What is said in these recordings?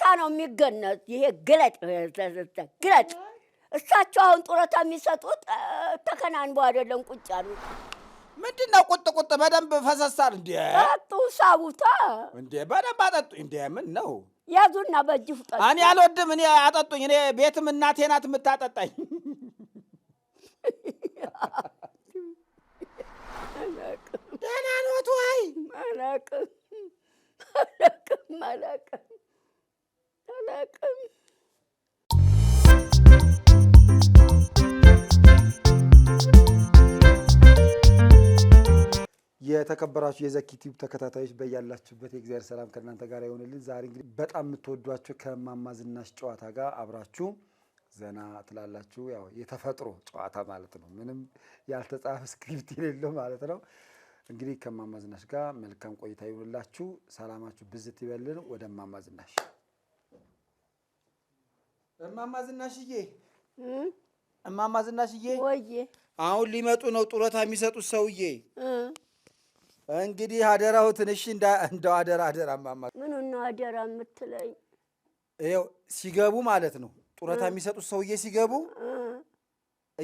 ጡረታ ነው የሚገነዝ። ይሄ ግለጥ ግለጥ። እሳቸው አሁን ጡረታ የሚሰጡት ተከናንበው አይደለም ቁጭ ያሉት። ምንድን ነው ቁጥ ቁጥ በደንብ ፈሰሳል እንዴ? ጠጡ ሳቡታ እንዴ? በደንብ አጠጡ እንዴ? ምን ነው ያዙና በእጅ ፍጠ እኔ አልወድም። እኔ አጠጡኝ። እኔ ቤትም እናቴ ናት የምታጠጣኝ። ደህና ኖት ወይ? አላቅም አላቅም አላቅም አላውቅም። የተከበራችሁ የዘኪ ቲዩብ ተከታታዮች በያላችሁበት የእግዚአብሔር ሰላም ከእናንተ ጋር ይሆንልን። ዛሬ እንግዲህ በጣም የምትወዷቸው ከማማዝናሽ ዝናሽ ጨዋታ ጋር አብራችሁ ዘና ትላላችሁ። ያው የተፈጥሮ ጨዋታ ማለት ነው፣ ምንም ያልተጻፈ ስክሪፕት የሌለው ማለት ነው። እንግዲህ ከማማዝናሽ ዝናሽ ጋር መልካም ቆይታ ይሆንላችሁ። ሰላማችሁ ብዝት ይበልን። ወደ ማማ ዝናሽ እማማ ዝናሽዬ እማማ ዝናሽዬ፣ አሁን ሊመጡ ነው ጡረታ የሚሰጡት ሰውዬ። እንግዲህ አደራሁትን። እሺ፣ እንደው አደራ አደራ። እማማ ምን ነው አደራ የምትለኝ? ይኸው ሲገቡ ማለት ነው ጡረታ የሚሰጡት ሰውዬ ሲገቡ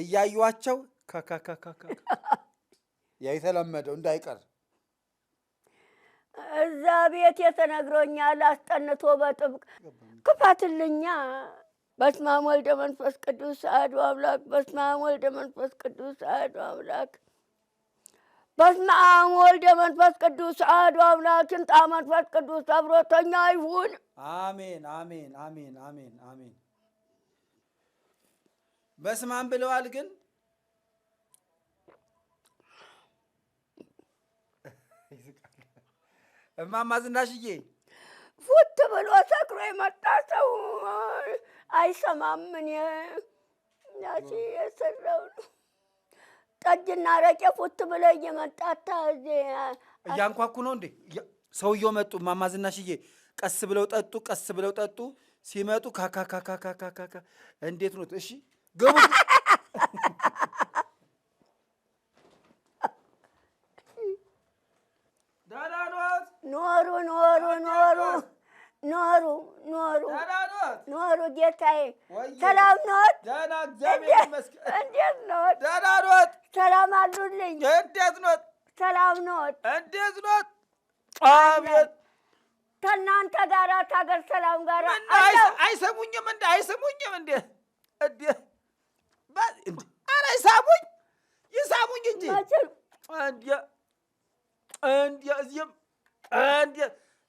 እያዩቸው ከከከከከ ያ የተለመደው እንዳይቀር እዛ ቤት የተነግሮኛል አስጠንቶ በጥብቅ ክፈትልኛ በስመ አብ ወልደ መንፈስ ቅዱስ አሐዱ አምላክ። በስመ አብ ወልደ መንፈስ ቅዱስ አሐዱ አምላክ። በስመ አብ ወልደ መንፈስ ቅዱስ አሐዱ አምላክ። ሽንጣ መንፈስ ቅዱስ አብሮተኛ ይሁን። አሜን፣ አሜን፣ አሜን፣ አሜን፣ አሜን። በስመ አብ ብለዋል ግን እማማ ዝናሽዬ ፉት ብሎ ሰክሮ የመጣ ሰው አይሰማም። እኔ እናቴ የሰራው ጠጅና አረቄ ፉት ብለ እየመጣታ እያንኳኩ ነው እንዴ ሰውየው። መጡ ቀስ ብለው ጠጡ፣ ቀስ ብለው ጠጡ። ሲመጡ ካካካካካካካ እንዴት ነው? እሺ ገቡ። ኖሩ ኖሩ ኖሩ ኖሩ ኖሩ ኖሩ ጌታዬ፣ ሰላም ኖት? እንዴት ኖት? ሰላም አሉልኝ? እንዴት ኖት? ሰላም ኖት? እንዴት ኖት? አቤት ከእናንተ ጋራ ታገር ሰላም ጋር አይሰሙኝም እንደ አይሰሙኝም እንደ እንጂ እዚህም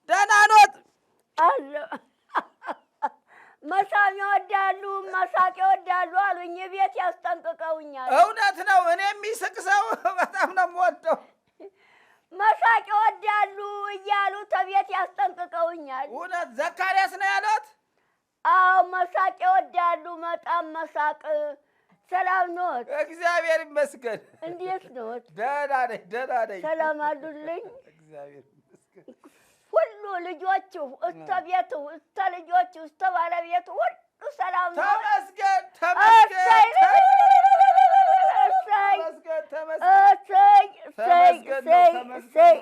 ደህና ኖት አለ መሳም ይወዳሉ መሳቅ ይወዳሉ አሉኝ። ቤት ያስጠንቅቀውኛል። እውነት ነው። እኔ የሚስቅ ሰው በጣም ነው የምወደው። መሳቅ ይወዳሉ እያሉ ተቤት ያስጠንቅቀውኛል። እውነት ዘካርያስ ነው ያሉት? አዎ መሳቅ ይወዳሉ በጣም መሳቅ። ሰላም ኖት? እግዚአብሔር ይመስገን። እንዴት ኖት? ደህና ነኝ፣ ደህና ነኝ። ሰላም አሉልኝ። እግዚአብሔር ይመስገን። ሁሉ ልጆችሁ እስተ ቤቱ እስተ ልጆቹ እስተ ባለቤቱ ሁሉ ሰላም ነው። ተመስገን ተመስገን፣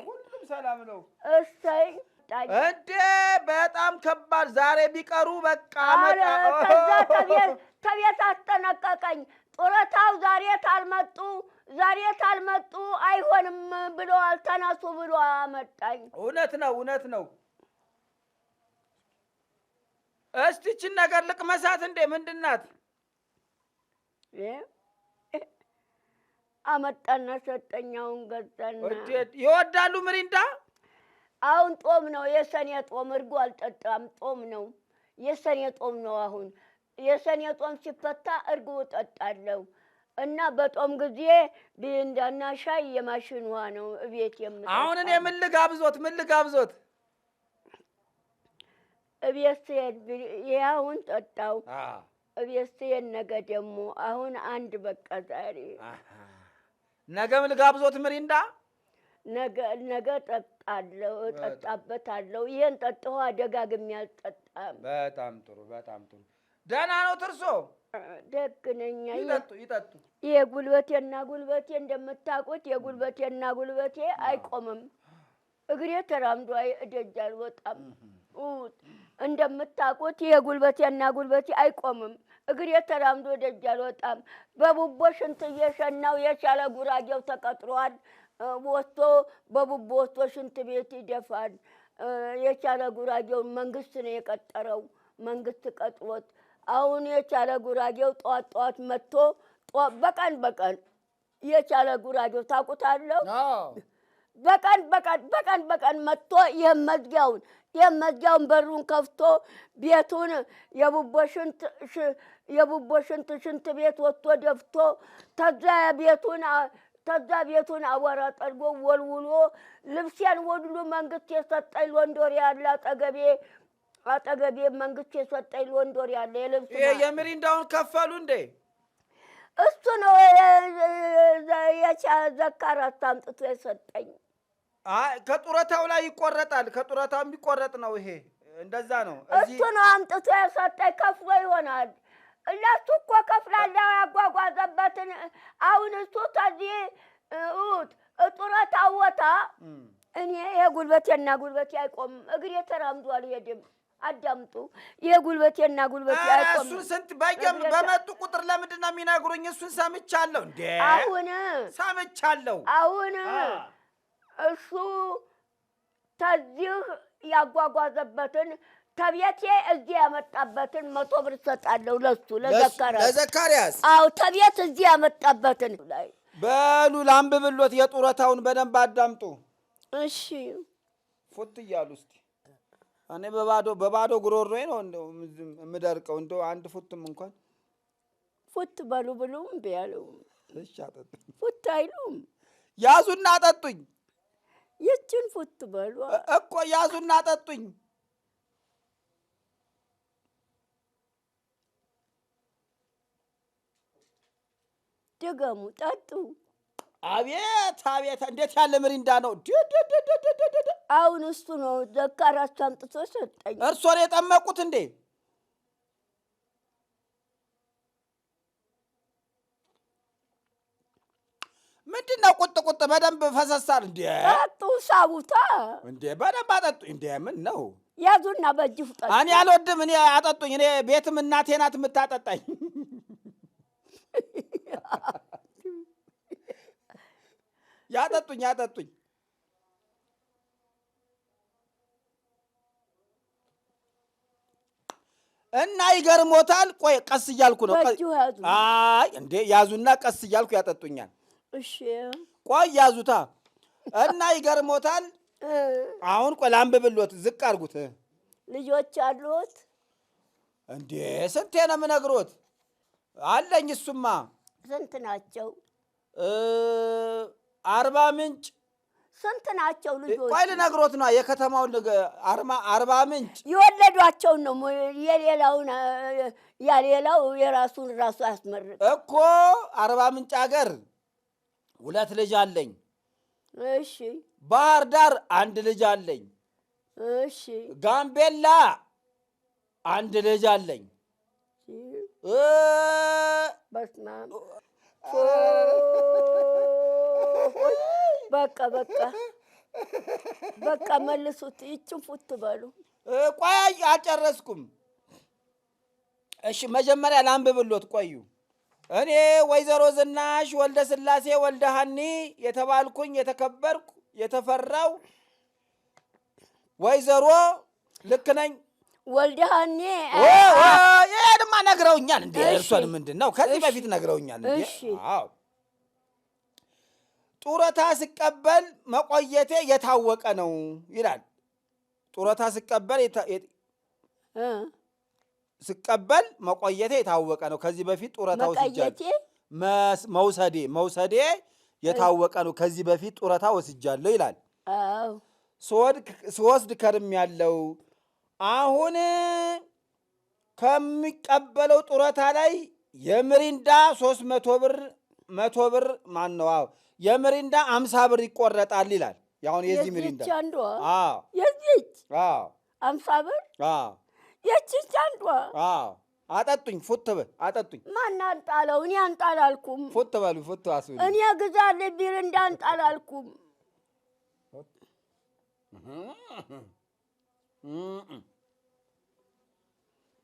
ሰላም እንዴ! በጣም ከባድ ዛሬ ቢቀሩ በቃ ከቤት አስጠነቀቀኝ። ጡረታው ዛሬ ታልመጡ ዛሬ ታልመጡ አይሆንም ብለዋል። ተነሱ ብሎ አመጣኝ። እውነት ነው፣ እውነት ነው። እስቲ ይችን ነገር ልቅመሳት። እንዴ ምንድን ናት? አመጣና ሰጠኛውን ገዛና ይወዳሉ። ምሪንዳ አሁን ጦም ነው የሰኔ ጦም። እርጎ አልጠጣም። ጦም ነው የሰኔ ጦም ነው አሁን የሰኔ ጾም ሲፈታ እርጎ እጠጣለሁ እና በጦም ጊዜ ብንዳና ሻይ የማሽን ውሃ ነው እቤት የምጠጣው። አሁን እኔ ምን ልጋብዞት ምን ልጋብዞት? እቤት ስሄድ ይኸውን ጠጣው። እቤት ስሄድ ነገ ደግሞ አሁን አንድ በቃ ዛሬ ነገ ምን ልጋብዞት? ምሪንዳ ነገ ነገ ጠጣለሁ፣ እጠጣበታለሁ። ይሄን ጠጥሁ አደጋግሜ አልጠጣም። በጣም ጥሩ በጣም ጥሩ ደህና ነው ትርሶ? ደግ ነኝ። ይጠጡ ይጠጡ። የጉልበቴና ጉልበቴ እንደምታውቁት የጉልበቴና ጉልበቴ አይቆምም። እግሬ ተራምዶ እደጅ አልወጣም። እንደምታውቁት የጉልበቴና ጉልበቴ አይቆምም። እግሬ ተራምዶ ደጅ አልወጣም። በቡቦ ሽንት እየሸናው የቻለ ጉራጌው ተቀጥሯል። ወጥቶ በቡቦ ወጥቶ ሽንት ቤት ይደፋል። የቻለ ጉራጌውን መንግስት ነው የቀጠረው። መንግስት ቀጥሮት አሁን የቻለ ጉራጌው ጠዋት ጠዋት መጥቶ በቀን በቀን የቻለ ጉራጌው ታውቁታለሁ። በቀን በቀን በቀን በቀን መጥቶ ይህም መዝጊያውን ይህም መዝጊያውን በሩን ከፍቶ ቤቱን የቡቦ ሽንት የቡቦ ሽንት ሽንት ቤት ወጥቶ ደፍቶ ተዛ ቤቱን ተዛ ቤቱን አቧራ ጠርጎ ወልውሎ ልብሴን ወድሉ መንግስት የሰጠኝ ሎንዶሪ ያለ አጠገቤ አጠገቤ መንግስት የሰጠኝ ሎንዶር ያለ የልብስ እንዳሁን ከፈሉ እንዴ? እሱ ነው ዘካራስ አምጥቶ የሰጠኝ። ከጡረታው ላይ ይቆረጣል። ከጡረታው የሚቆረጥ ነው ይሄ። እንደዛ ነው። እሱ ነው አምጥቶ የሰጠኝ። ከፍሎ ይሆናል። ለሱ እኮ ከፍላለው ያጓጓዘበትን። አሁን እሱ ከዚህ ት ጡረታው ወታ እኔ የጉልበቴና ጉልበቴ አይቆምም። እግሬ ተራምዷል። ይሄ ድምፅ አዳምጡ። ይሄ ጉልበቴና ጉልበቴ አይቆም። እሱን ስንት በመጡ ቁጥር ለምንድን ነው የሚነግሩኝ? እሱን ሰምቻለሁ እንዴ! አሁን ሰምቻለሁ። አሁን እሱ ተዚህ ያጓጓዘበትን ተቤቴ እዚህ ያመጣበትን መቶ ብር ሰጣለሁ ለሱ ለዘካርያስ። አዎ ተቤት እዚህ ያመጣበትን ላይ በሉ ላምብ ብሎት የጡረታውን በደንብ አዳምጡ እሺ። ፉት እያሉ እስኪ እኔ በባዶ በባዶ ጉሮሮዬ ነው የምደርቀው። እንደው አንድ ፉትም እንኳን ፉት በሉ ብሎም እምቢ አለው። ፉት አይሉም። ያዙና አጠጡኝ። ይችን ፉት በሉ እኮ ያዙና አጠጡኝ። ድገሙ፣ ጠጡ አቤት አቤት! እንዴት ያለ ምሪንዳ ነው! አሁን እሱ ነው ዘካራቹ አምጥቶ ሰጠኝ። እርሶ ነው የጠመቁት እንዴ? ምንድን ነው ቁጥ ቁጥ በደንብ ፈሰሳል እንዴ? ጠጡ ሳቡታ እንዴ? በደንብ አጠጡ እንዴ? ምን ነው ያዙና በእጅ ፍጠ እኔ አልወድም። እኔ አጠጡኝ። እኔ ቤትም እናቴ ናት የምታጠጣኝ ያጠጡኝ ያጠጡኝ እና ይገርሞታል። ቆይ ቀስ እያልኩ ነው። አይ እንዴ ያዙና ቀስ እያልኩ ያጠጡኛል። እሺ ቆይ ያዙታ እና ይገርሞታል። አሁን ቆይ ላንብብሎት፣ ዝቅ አድርጉት። ልጆች አሉት እንዴ? ስንቴ ነው የምነግሮት? አለኝ እሱማ። ስንት ናቸው? አርባ ምንጭ ስንት ናቸው ልጆች? ቆይ ልነግሮት ነው የከተማውን አርባ ምንጭ የወለዷቸውን ነው። የሌላውን ያሌላው የራሱን ራሱ ያስመርቅ እኮ አርባ ምንጭ ሀገር ሁለት ልጅ አለኝ። እሺ። ባህር ዳር አንድ ልጅ አለኝ። እሺ። ጋምቤላ አንድ ልጅ አለኝ። በስመ አብ በቃ በቃ በቃ መልሱት። ይችን ፉት በሉ። ቆይ አልጨረስኩም። እሺ መጀመሪያ ላንብብሎት። ቆዩ እኔ ወይዘሮ ዝናሽ ወልደ ስላሴ ወልደ ሀኒ የተባልኩኝ የተከበርኩ የተፈራው ወይዘሮ ልክ ነኝ። ወልደ ሀኒ ይሄ ድማ ነግረውኛል እንዴ! እርሷን ምንድን ነው ከዚህ በፊት ነግረውኛል እንዴ! አዎ ጡረታ ስቀበል መቆየቴ የታወቀ ነው ይላል። ጡረታ ስቀበል ስቀበል መቆየቴ የታወቀ ነው። ከዚህ በፊት ጡረታ ወስጃለሁ። መውሰዴ መውሰዴ የታወቀ ነው። ከዚህ በፊት ጡረታ ወስጃለሁ ይላል። ስወስድ ከርም ያለው አሁን ከሚቀበለው ጡረታ ላይ የምሪንዳ ሶስት መቶ ብር መቶ ብር ማን ነው የምሪንዳ አምሳ ብር ይቆረጣል ይላል። ያሁን የዚህ ምሪንዳ አንዷ የዚች አምሳ ብር የችች አንዷ አጠጡኝ ፉት በል አጠጡኝ። ማን አንጣለው? እኔ አንጣላልኩም። ፉት በሉ ፉት አስ እኔ ግዛልህ ቢሪንዳ አንጣላልኩም።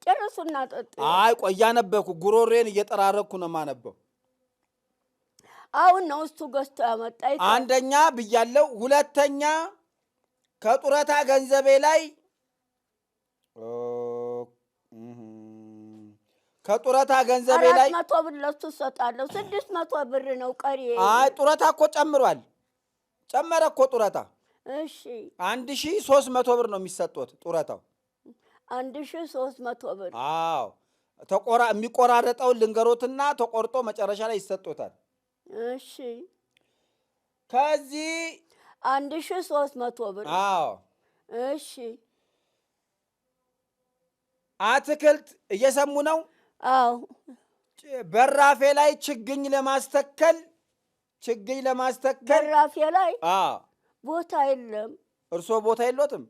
ጨርሱና ጠጡ። አይ ቆያ ነበርኩ። ጉሮሬን እየጠራረኩ ነው የማነበው አሁን ነው እሱ ገዝቶ ያመጣ። አንደኛ ብያለው። ሁለተኛ ከጡረታ ገንዘቤ ላይ ከጡረታ ገንዘቤ ላይ መቶ ብር ለሱ እሰጣለሁ። ስድስት መቶ ብር ነው ቀሪ። አይ ጡረታ እኮ ጨምሯል፣ ጨመረ እኮ ጡረታ። እሺ አንድ ሺ ሶስት መቶ ብር ነው የሚሰጡት ጡረታው። አንድ ሺ ሶስት መቶ ብር አዎ። ተቆራ የሚቆራረጠው ልንገሮትና ተቆርጦ መጨረሻ ላይ ይሰጡታል። እሺ ከዚህ አንድ ሺ ሶስት መቶ ብር አዎ። እሺ አትክልት እየሰሙ ነው? አዎ። በራፌ ላይ ችግኝ ለማስተከል ችግኝ ለማስተከል በራፌ ላይ ቦታ የለም። እርስዎ ቦታ የለትም?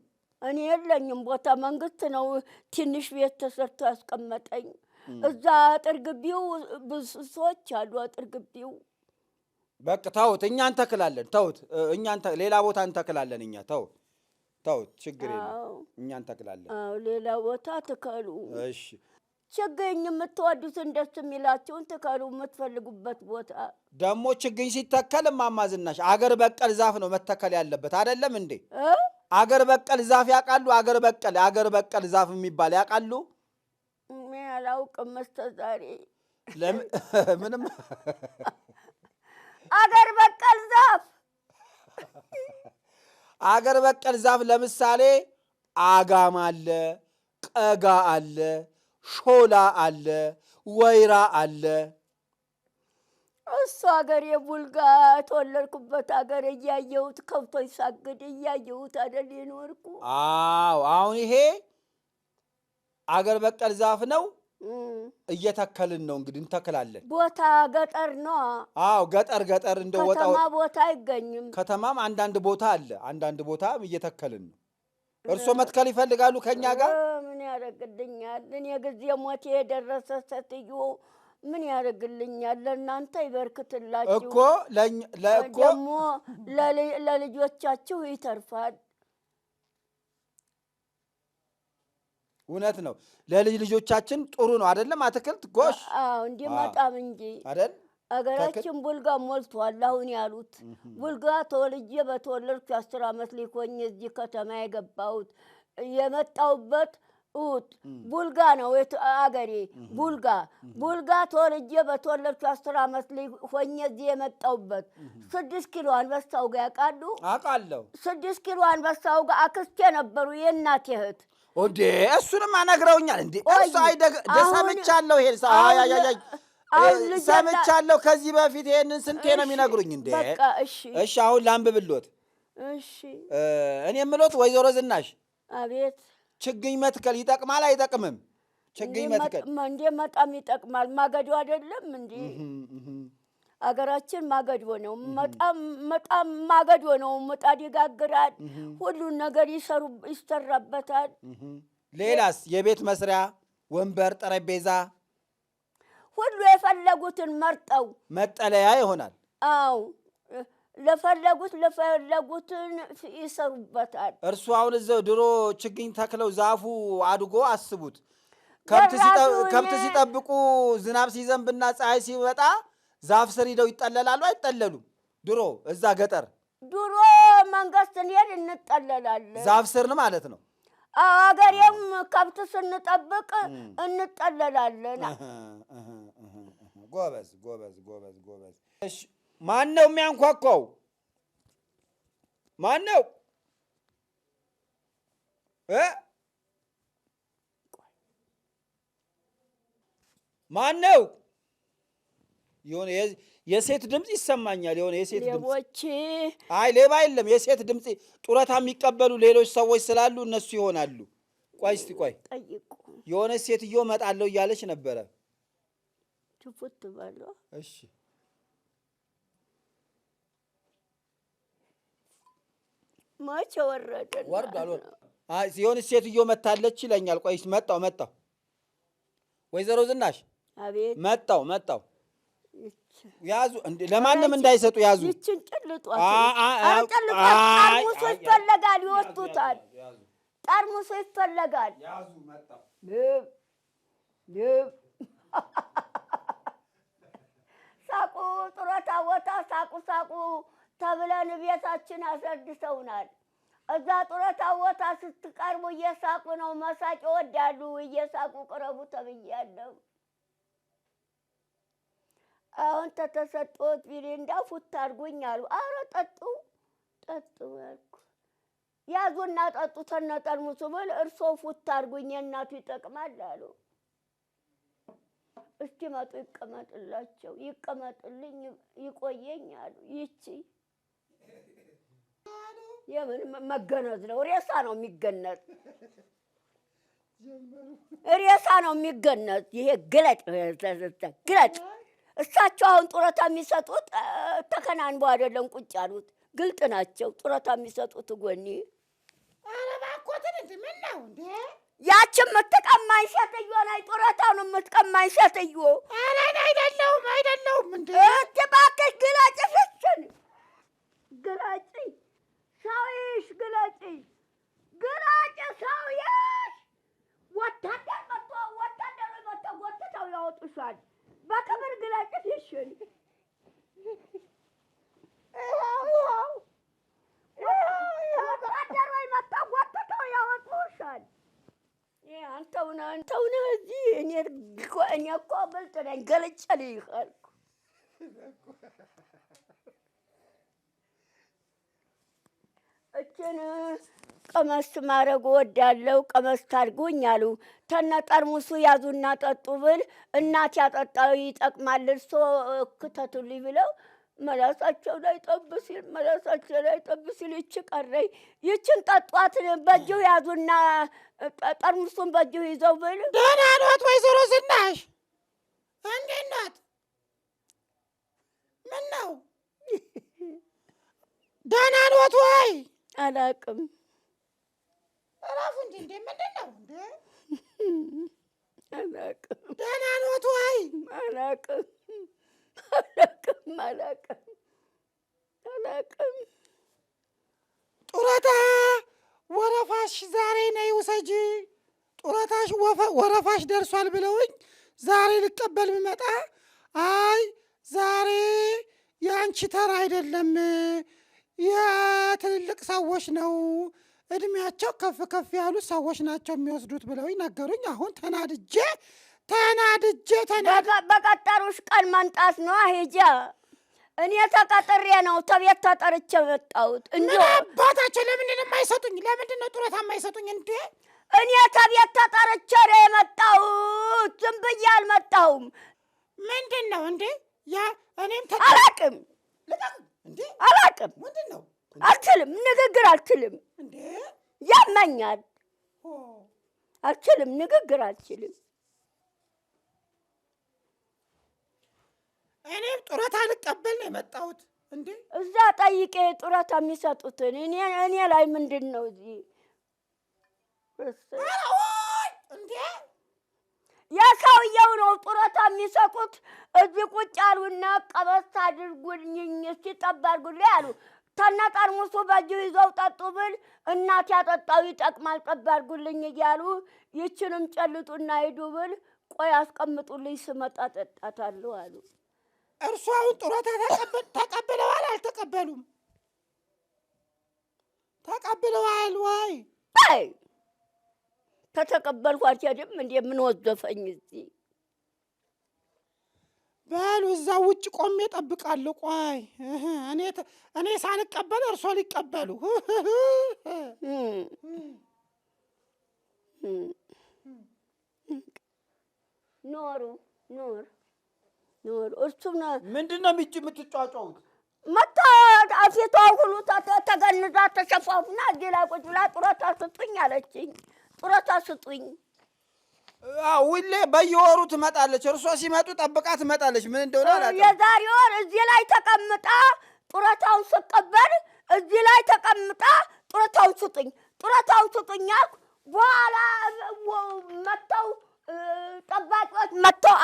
እኔ የለኝም ቦታ። መንግስት ነው ትንሽ ቤት ተሰርቶ ያስቀመጠኝ። እዛ አጥር ግቢው ብዙ ሰዎች አሉ። አጥር ግቢው በቃ ተውት፣ እኛ እንተክላለን። ተውት፣ እኛ ሌላ ቦታ እንተክላለን። እኛ ተውት፣ ተውት፣ ችግር የለም። እኛ እንተክላለን። አዎ፣ ሌላ ቦታ ትከሉ። እሺ፣ ችግኝ የምትወዱትን ደስ የሚላችሁን ትከሉ፣ የምትፈልጉበት ቦታ። ደግሞ ችግኝ ሲተከል እማማ ዝናሽ አገር በቀል ዛፍ ነው መተከል ያለበት አይደለም እንዴ? አገር በቀል ዛፍ ያውቃሉ? አገር በቀል አገር በቀል ዛፍ የሚባል ያውቃሉ? እኔ አላውቅም እስከ ዛሬ ምንም አገር በቀል ዛፍ አገር በቀል ዛፍ ለምሳሌ አጋም አለ፣ ቀጋ አለ፣ ሾላ አለ፣ ወይራ አለ። እሱ ሀገር የቡልጋ ተወለድኩበት ሀገር እያየሁት ከብቶች ሳግድ እያየሁት አደል የኖርኩ። አዎ አሁን ይሄ አገር በቀል ዛፍ ነው። እየተከልን ነው እንግዲህ እንተክላለን። ቦታ ገጠር ነው። አዎ ገጠር ገጠር እንደ ወጣ ከተማ ቦታ አይገኝም። ከተማም አንዳንድ ቦታ አለ። አንዳንድ ቦታ እየተከልን ነው። እርሶ መትከል ይፈልጋሉ ከኛ ጋር ምን ያደርግልኛል? እኔ ጊዜ ሞቴ የደረሰ ሴትዮ ምን ያደርግልኛል? ለእናንተ ይበርክትላችሁ እኮ ደግሞ ለልጆቻችሁ ይተርፋል። እውነት ነው። ለልጅ ልጆቻችን ጥሩ ነው አይደለም? አትክልት ጎሽ እንዲህ መጣም እንጂ አይደል? አገራችን ቡልጋ ሞልቷል። አሁን ያሉት ቡልጋ ተወልጄ በተወለድኩ አስር ዓመት ሊኮኝ እዚህ ከተማ የገባሁት የመጣሁበት ት ቡልጋ ነው አገሬ። ቡልጋ ቡልጋ ተወልጄ በተወለድኩ አስር ዓመት ሆኜ እዚህ የመጣሁበት። ስድስት ኪሎ አንበሳው ጋ ያውቃሉ? አውቃለሁ። ስድስት ኪሎ አንበሳው ጋ አክስቴ ነበሩ የእናቴ እህት እንዴ እሱንም አነግረውኛል። እንዴ እሱ አይደሰምቻለሁ ይሄን ሰምቻለሁ ከዚህ በፊት ይሄንን ስንቴ ነው የሚነግሩኝ። እንዴ እሺ አሁን ላንብ ብሎት እሺ እኔ የምሎት ወይዘሮ ዝናሽ አቤት ችግኝ መትከል ይጠቅማል አይጠቅምም? ችግኝ መትከል እንዴ በጣም ይጠቅማል። ማገዶ አይደለም እንዴ አገራችን ማገዶ ነው። በጣም ማገዶ ነው። ምጣድ ይጋግራል። ሁሉን ነገር ይሰራበታል። ሌላስ የቤት መስሪያ ወንበር፣ ጠረጴዛ ሁሉ የፈለጉትን መርጠው መጠለያ ይሆናል። አው ለፈለጉት ለፈለጉትን ይሰሩበታል። እርሱ አሁን እዛው ድሮ ችግኝ ተክለው ዛፉ አድጎ አስቡት። ከብት ሲጠብቁ ዝናብ ሲዘንብና ፀሐይ ሲወጣ ዛፍ ስር ሂደው ይጠለላሉ አይጠለሉም? ድሮ እዛ ገጠር ድሮ መንገስ ስንሄድ እንጠለላለን። ዛፍ ስር ማለት ነው። አገሬም ከብት ስንጠብቅ እንጠለላለን። ጎበዝ ጎበዝ ጎበዝ ጎበዝ። እሺ፣ ማን ነው የሚያንኳኳው? ማን ነው እ ማን ነው የሆነ የሴት ድምፅ ይሰማኛል። የሆነ የሴት ድምፅ አይ ሌባ የለም። የሴት ድምፅ ጡረታ የሚቀበሉ ሌሎች ሰዎች ስላሉ እነሱ ይሆናሉ። ቆይ እስቲ ቆይ፣ የሆነች ሴትዮ እመጣለሁ እያለች ነበረ። ትፉት ባለ እሺ መቼ ወረደ? ወርዷል። የሆነች ሴትዮ መታለች ይለኛል። ቆይ መጣው መጣው፣ ወይዘሮ ዝናሽ አቤት፣ መጣው መጣው ያዙ ለማንም እንዳይሰጡ ያዙ። ይችን ጭልጧት ይፈለጋል፣ ይወጡታል። ጠርሙሶ ይፈለጋል። ሳቁ ጡረታ ቦታ ሳቁ ሳቁ ተብለን ቤታችን አስረድሰውናል። እዛ ጡረታ ቦታ ስትቀርቡ እየሳቁ ነው መሳቅ ይወዳሉ። እየሳቁ ቅረቡ ተብያለሁ። አሁን ተተሰጦት ቢሬንዳ ፉት አድርጎኝ አሉ። አረ ጠጡ ጠጡ ያልኩ ያዙና ጠጡ ተነጠርሙሱ ብል እርሶ ፉት አድርጎኝ እናቱ ይጠቅማል አሉ። እስቲ እስኪመጡ ይቀመጥላቸው ይቀመጥልኝ ይቆየኝ አሉ። ይቺ የምን መገነዝ ነው? ሬሳ ነው የሚገነዝ ሬሳ ነው የሚገነዝ። ይሄ ግለጥ ግለጥ እሳቸው አሁን ጡረታ የሚሰጡት ተከናንበው አይደለም ቁጭ ያሉት፣ ግልጥ ናቸው። ጡረታ የሚሰጡት ጎኒ ያች የምትቀማኝ ሴትዮ ናይ ጡረታውን የምትቀማኝ ሴትዮ አይደለሁም፣ አይደለሁም። እንደ እባክሽ ግለጪ፣ ፍችን ግለጪ፣ ሰውዬሽ ግለጪ፣ ግለጪ፣ ሰውዬሽ ወታደር መጥቶ ወታደር መጥቶ ጎትተው ያወጡሻል። ተውና ተውና እዚህ እኔ እኮ እኔ እኮ ብልጥ ነኝ። ገለጨ ነኝ ካልኩ እችን ቀመስ ማድረግ እወዳለሁ፣ ቀመስ ታድጉኝ አሉ። ተነ ጠርሙሱ ያዙና ጠጡ ብል እናት ያጠጣው ይጠቅማል፣ እርሶ ክተቱልኝ ብለው መላሳቸው ላይ ጠብ ሲል መላሳቸው ላይ ጠብ ሲል ይች ቀረኝ፣ ይችን ጠጧት በእጁ ያዙና ጠርሙሱን በእጁ ይዘው ብል ደህና ኖት ወይዘሮ ዝናሽ እንዴት ናት? ምን ነው ደህና ኖት ወይ? አላቅም እረፉ። እንዲ እንዴ ምንድን ነው እንዴ? አላቅም። ደህና ኖት ወይ? አላቅም አላቅም አላቅም አላቅም። ጡረታ ወረፋሽ ዛሬ ነይ ውሰጂ፣ ጡረታሽ ወረፋሽ ደርሷል ብለውኝ ዛሬ ልቀበል ብመጣ አይ ዛሬ የአንቺ ተራ አይደለም የትልልቅ ሰዎች ነው እድሜያቸው ከፍ ከፍ ያሉ ሰዎች ናቸው የሚወስዱት ብለው ነገሩኝ። አሁን ተናድጄ ተናድጄ በቀጠሩሽ ቀን መንጣት ነው ሄጃ እኔ ተቀጥሬ ነው ተቤት ተጠርቼ መጣሁት። ምን አባታቸው ለምንድን የማይሰጡኝ? ለምንድን ነው ጡረታ የማይሰጡኝ? እንዲ እኔ ተቤት ተጠርቼ ነው የመጣሁት። ዝም ብዬ አልመጣሁም። ምንድን ነው እንዴ? ያ እኔም አላቅም አላቅም። ምንድን ነው አልችልም፣ ንግግር አልችልም፣ ያማኛል። አልችልም፣ ንግግር አልችልም። እኔም ጡረታ ልቀበል ነው የመጣሁት። እንዴ እዛ ጠይቄ ጡረታ የሚሰጡትን እኔ እኔ ላይ ምንድን ነው እዚህ እንዴ? ያ ነው ጡረታ የሚሰጡት። እዚህ ቁጭ አሉና ቀበስት አድርጉኝ እስኪ ጠብ አድርጉልኝ አሉ። ታና ጠርሙሶ ባጅ ይዘው ጠጡ ብል እናት ያጠጣው ይጠቅማል ጠብ አድርጉልኝ እያሉ ይችንም ጨልጡና ሂዱ ብል ቆይ አስቀምጡልኝ ስመጣ ጠጣታለሁ አሉ። እርሱ አሁን ጡረታ ተቀብለዋል? አልተቀበሉም? ተቀብለዋል ወይ? ከተቀበልኳቸው ድም እንደ ወዘፈኝ እዚህ በሉ እዛ ውጭ ቆሜ ጠብቃለሁ። ቆይ እኔ ሳልቀበል እርሶ ሊቀበሉ ኖሩ ኖር ኖር እርሱ ምንድን ነው ምጭ የምትጫጫውት? መታ ፊቷ ሁሉ ተገንዛ ተሸፋፍና እጅ ላይ ቁጭ ብላ ጡረታ ስጡኝ አለችኝ። ጡረታ ስጡኝ ሁሌ በየወሩ ትመጣለች። እርሷ ሲመጡ ጠብቃ ትመጣለች። ምን እንደሆነ አላውቅም። የዛሬ ወር እዚህ ላይ ተቀምጣ ጡረታውን ስቀበል እዚህ ላይ ተቀምጣ ጡረታውን ስጡኝ፣ ጡረታውን ስጡኝ አልኩ። በኋላ መጥተው ጠባቂዎች መጥተው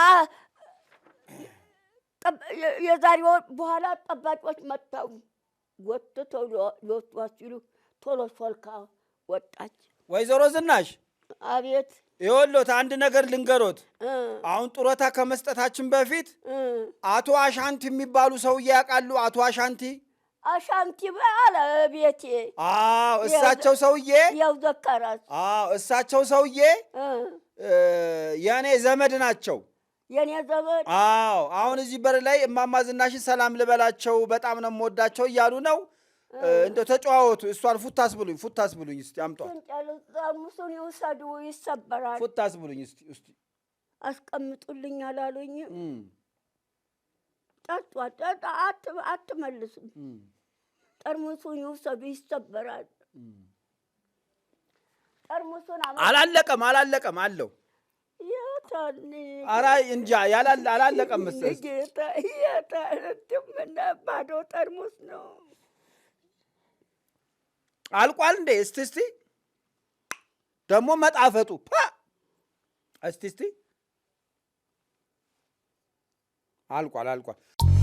የዛሬ ወር በኋላ ጠባቂዎች መጥተው ወጥተው ሊወስዷት ሲሉ ቶሎ ሾልካ ወጣች። ወይዘሮ ዝናሽ አቤት ይወሎት አንድ ነገር ልንገሮት። አሁን ጡረታ ከመስጠታችን በፊት አቶ አሻንቲ የሚባሉ ሰውዬ ያውቃሉ? አቶ አሻንቲ አሻንቲ በአለ ቤቴ። አዎ እሳቸው ሰውዬ ያው ዘከራት። አዎ እሳቸው ሰውዬ የእኔ ዘመድ ናቸው። የኔ ዘመድ? አዎ። አሁን እዚህ በር ላይ እማማ ዝናሽን ሰላም ልበላቸው፣ በጣም ነው የምወዳቸው እያሉ ነው እንደ ተጨዋወቱ። እሷን ፉታስ ብሉኝ፣ ፉታስ ብሉኝ እስቲ አምጧት። ጠርሙሱን ይውሰዱ፣ ይሰበራል። ፉታስ ብሉኝ እስቲ እስቲ አስቀምጡልኝ አላሉኝ። ጠጧት፣ አትመልሱም። ጠርሙሱን ይውሰዱ፣ ይሰበራል። ጠርሙሱን አላለቀም፣ አላለቀም አለው አራይ እንጃ ያላል አላለቀም መሰለኝ። ባዶ ጠርሙስ ነው። አልቋል እንዴ? እስቲ እስቲ ደግሞ መጣፈጡ ፓ እስቲ እስቲ አልቋል አልቋል።